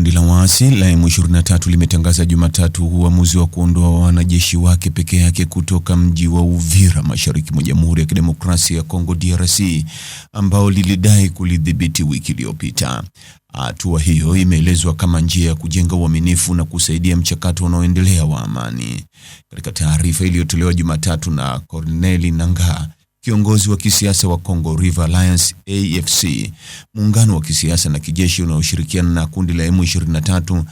Kundi la waasi la M23 limetangaza Jumatatu uamuzi wa kuondoa wanajeshi wake peke yake kutoka mji wa Uvira mashariki mwa Jamhuri ya Kidemokrasia ya Kongo DRC, ambao lilidai kulidhibiti wiki iliyopita. Hatua hiyo imeelezwa kama njia ya kujenga uaminifu na kusaidia mchakato unaoendelea wa amani. Katika taarifa iliyotolewa Jumatatu na Corneli Nangaa Kiongozi wa kisiasa wa Congo River Alliance AFC, muungano wa kisiasa na kijeshi unaoshirikiana na kundi la M23,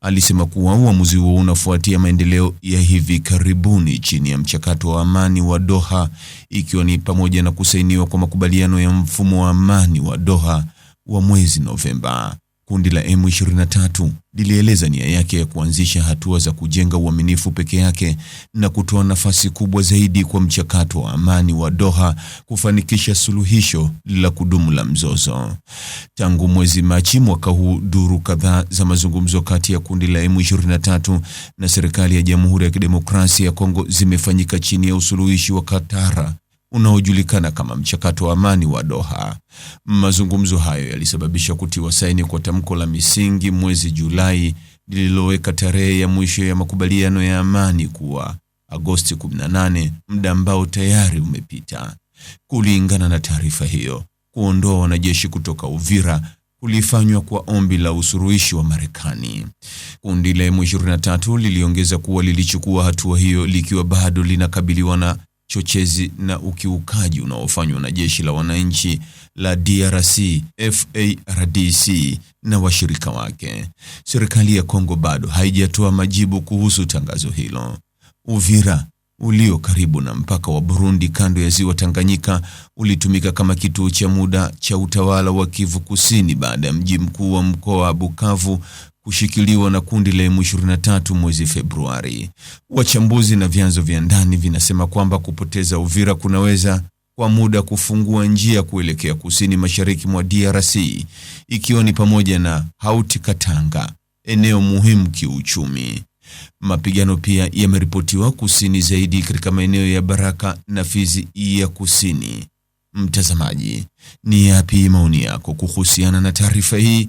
alisema kuwa uamuzi huo unafuatia maendeleo ya hivi karibuni chini ya mchakato wa amani wa Doha, ikiwa ni pamoja na kusainiwa kwa makubaliano ya mfumo wa amani wa Doha wa mwezi Novemba. Kundi la M23 lilieleza nia yake ya kuanzisha hatua za kujenga uaminifu peke yake na kutoa nafasi kubwa zaidi kwa mchakato wa amani wa Doha kufanikisha suluhisho la kudumu la mzozo. Tangu mwezi Machi mwaka huu, duru kadhaa za mazungumzo kati ya kundi la M23 na serikali ya Jamhuri ya Kidemokrasia ya Kongo zimefanyika chini ya usuluhishi wa Katara unaojulikana kama mchakato wa amani wa Doha. Mazungumzo hayo yalisababisha kutiwa saini kwa tamko la misingi mwezi Julai lililoweka tarehe ya mwisho ya makubaliano ya amani kuwa Agosti 18, muda ambao tayari umepita. Kulingana na taarifa hiyo, kuondoa wanajeshi kutoka Uvira kulifanywa kwa ombi la usuluhishi wa Marekani. Kundi la M23 liliongeza kuwa lilichukua hatua hiyo likiwa bado linakabiliwa na chochezi na ukiukaji unaofanywa na jeshi la wananchi la DRC, FARDC na washirika wake. Serikali ya Kongo bado haijatoa majibu kuhusu tangazo hilo. Uvira ulio karibu na mpaka wa Burundi kando ya ziwa Tanganyika ulitumika kama kituo cha muda cha utawala wa Kivu Kusini baada ya mji mkuu wa mkoa wa Bukavu kushikiliwa na kundi la M23 mwezi Februari. Wachambuzi na vyanzo vya ndani vinasema kwamba kupoteza Uvira kunaweza kwa muda kufungua njia kuelekea kusini mashariki mwa DRC, ikiwa ni pamoja na Hauti Katanga, eneo muhimu kiuchumi. Mapigano pia yameripotiwa kusini zaidi katika maeneo ya Baraka na Fizi ya Kusini. Mtazamaji, ni yapi maoni yako kuhusiana na taarifa hii?